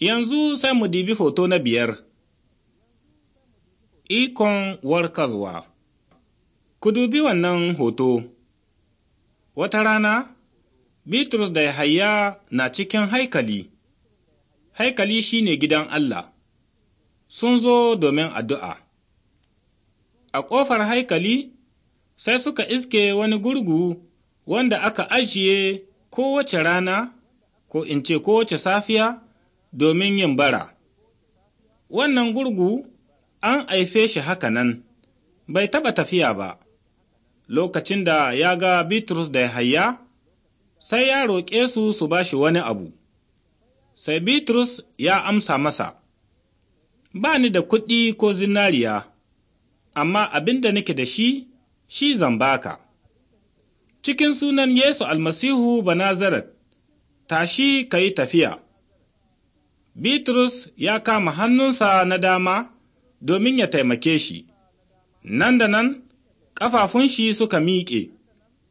Yanzu sai mu dibi hoto na biyar. Ikon warkarwa Ku dubi wannan hoto. Wata rana, Bitrus da Yahaya na cikin haikali. Haikali shine gidan Allah. Sun zo domin addu'a. A ƙofar haikali, sai suka iske wani gurgu wanda aka ajiye kowace rana, ko in ce kowace safiya, domin yin bara. Wannan gurgu an haife shi haka nan, bai taɓa tafiya ba, lokacin da ya ga Bitrus da Yahaya, sai ya roƙe su su ba shi wani abu. Sai Bitrus ya amsa masa, Ba ni da kuɗi ko zinariya, amma abin da nake da shi, shi zan baka. Cikin sunan Yesu almasihu Banazaret, tashi ka yi tafiya. Bitrus ya kama hannunsa na dama domin ya taimake shi, nan da nan ƙafafun shi suka miƙe,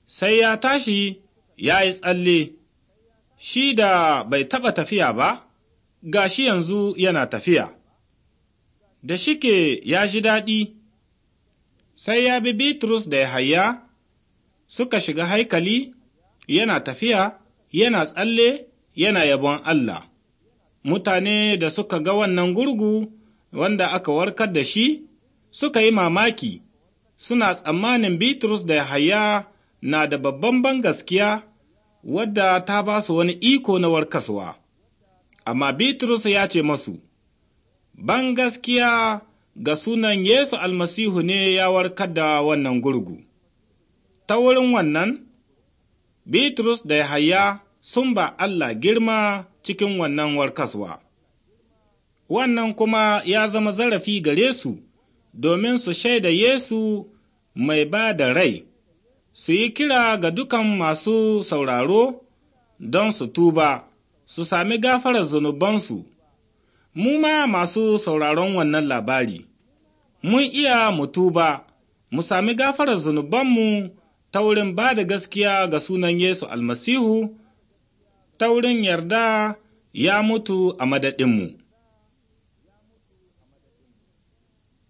sai ya tashi ya yi tsalle, shi da bai taɓa tafiya ba, ga shi yanzu yana tafiya. Da shike ya ji daɗi, sai ya bi Bitrus da ya haya suka shiga haikali yana tafiya, yana tsalle, yana yabon Allah. Mutane da suka ga wannan gurgu wanda aka warkar da shi suka yi mamaki, suna tsammanin Bitrus da Yahaya na da babban ban gaskiya wadda ta ba su wani iko na warkaswa. Amma Bitrus ya ce masu, ban gaskiya ga sunan Yesu almasihu ne ya warkar da wannan gurgu. Ta wurin wannan, Bitrus da Yahaya sun ba Allah girma cikin wannan warkaswa. Wannan kuma ya zama zarafi gare su domin su shaida Yesu mai ba da rai, su yi kira ga dukan masu sauraro don su tuba, su sami gafarar zunubansu. Mu ma masu sauraron wannan labari, mun iya mu tuba, mu sami gafarar zunubanmu ta wurin ba da gaskiya ga sunan Yesu almasihu. ta wurin yarda ya mutu a madadinmu.